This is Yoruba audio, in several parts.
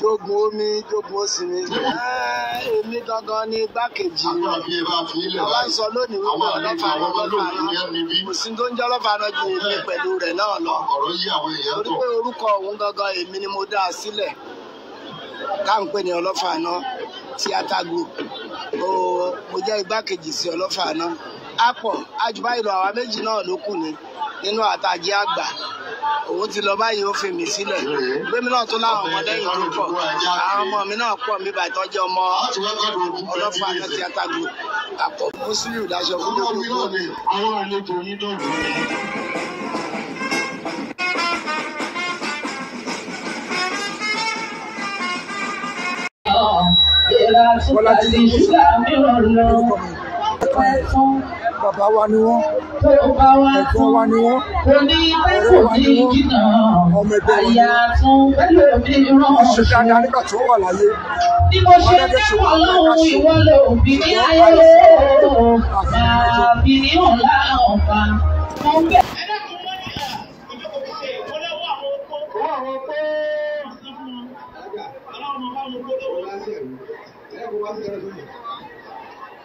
jogun omi jogun osimi èmi gangan ni igbákejì mi àwa ń sọ lónìí wípé ọlọ́fà ọlọ́fà kò sí tó ń jẹ́ ọlọ́fà náà ju èmi pẹ̀lú rẹ̀ náà lọ torí pé orúkọ òun gangan èmi ni mo dá a sílẹ̀ tá à ń pè ní ọlọ́fà náà tíátá group mo jẹ́ igbákejì sí ọlọ́fà náà a pọ̀ àjùbáyìí lọ àwa méjì náà ló kù ni nínú àtàjẹ́ àgbà òun ti lọ báyìí ó fi mí sílẹ̀ gbémi náà tó láwọn ọmọ lẹ́yìn tó pọ̀ àwọn ọmọ mi náà pọ̀ mi bàtọ́ jẹ́ ọmọ ọlọ́fà àti tíátà group àpọ̀ mùsùlùmí ìdájọ́ fún mi. Bọ́lá ti ní ìṣúná mìíràn lọ bàbá wa ni wọ́n ẹ̀gbọ́n wa ni wọ́n ọ̀rẹ́ wa ni wọ́n ọmọ ẹgbẹ́ wa ni wọ́n wọ́n ṣe dáadáa nígbà tí wọ́n wà láyé wọ́n dáadáa ṣe wà láyé ṣe wọ́n láyé ṣe wọ́n láyé ṣe.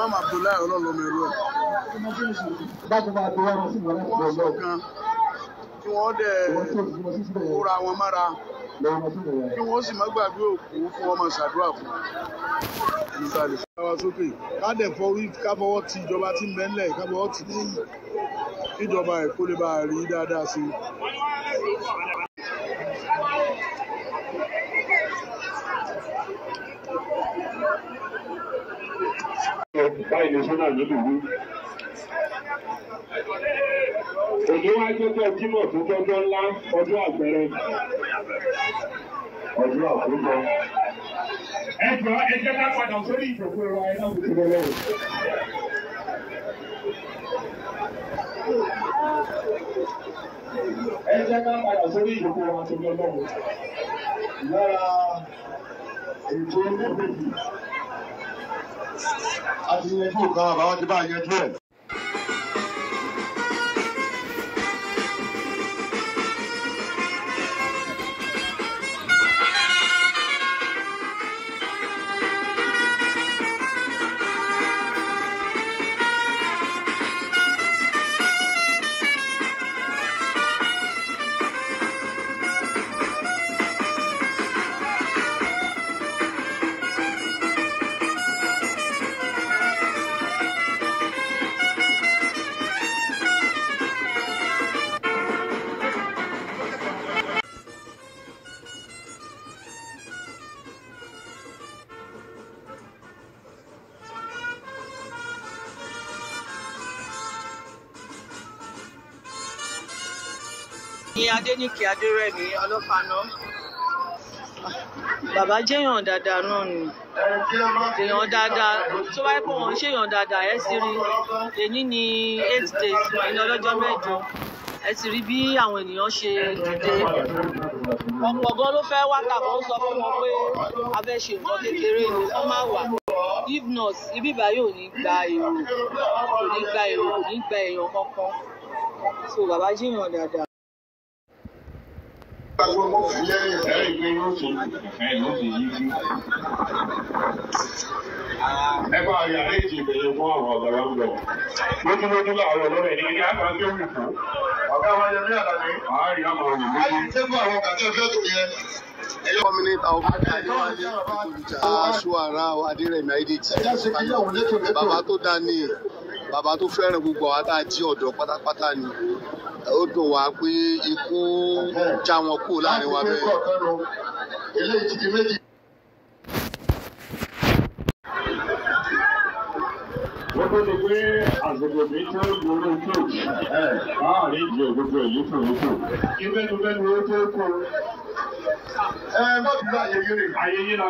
imam abdullahi ọlọ́lọ́mọ ẹ̀rọ. bákan náà àti wàrà sí ìwà láti lọ lọ. kí wọ́n dẹ̀ kóra wọn mára kí wọ́n sì má gbàgbé òkú fún ọmọ ṣàdúrà fún wa sókè káàdẹ̀ fọwọ́ káfọwọ́ ti ìjọba tí ń bẹ ńlẹ̀ káfọwọ́ ti dé yìí kíjọba ẹ̀ kó lè bá a rí dáadáa sí i. báyìí ni sọ́nà nílùú wí. Òní wá jẹ́jọ́ Jímọ̀ tó jọjọ́ ńlá ọdún àpẹẹrẹ. Ọdún àkójọ. Ẹ jọ ẹ jẹ́ ká padà sórí ìjòkó ẹ̀rọ ayélujára. Ẹ jẹ́ ká padà sórí ìjòkó ẹ̀rọ ayélujára. Lára ètò olóògbé yìí. 啊，今天不喝，把俺这半烟吞。ní adẹnìke adẹrẹmí ọlọ́fààná bàbá jẹyàn dáadáa náà ni èèyàn dáadáa tó wáyé pé wọn ṣèyàn dáadáa ẹ sì rí èyí ní eight days ìní ọlọ́jọ́ mẹ́jọ ẹ sì rí bí àwọn ènìyàn ṣe dìde ọ̀pọ̀ gan ló fẹ́ wá tàbọ̀ sọ fún wọn pé a ṣe nǹkan kékeré ni wọ́n máa wà if not ibi báyìí ò ní gba èrò kò ní gba èrò kò ní gba èèyàn kankan so bàbá jẹyàn dáadáa gbogbo kó fi lẹ́yìn ẹ̀rí pé yóò ṣe ẹ̀fẹ́ yóò ṣe fún ọ̀rọ̀ ọ̀gá ń bọ̀. lójúlójú làwọn ọlọ́rẹ̀ ní ilé àgbà tó wù fún. ọ̀gá wa yẹ bí àlàyé. àárín àwọn ọ̀rọ̀ méjì. a lè ṣe fún àwọn kàtẹ́ ọjọ́ tó yẹ. Kọ́mínítà ọ̀fọ̀ Adéwálé Olùjà Aṣọ́ara Adérẹ̀mí Ayédèjì. Bàbá tó dá bàbá tó fẹ́ràn gbogbo àwọn tá ọ̀dọ́ pátápátá ni ó dùn wá pé ikú já wọn kú láàrin wa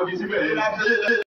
bẹ́ẹ̀.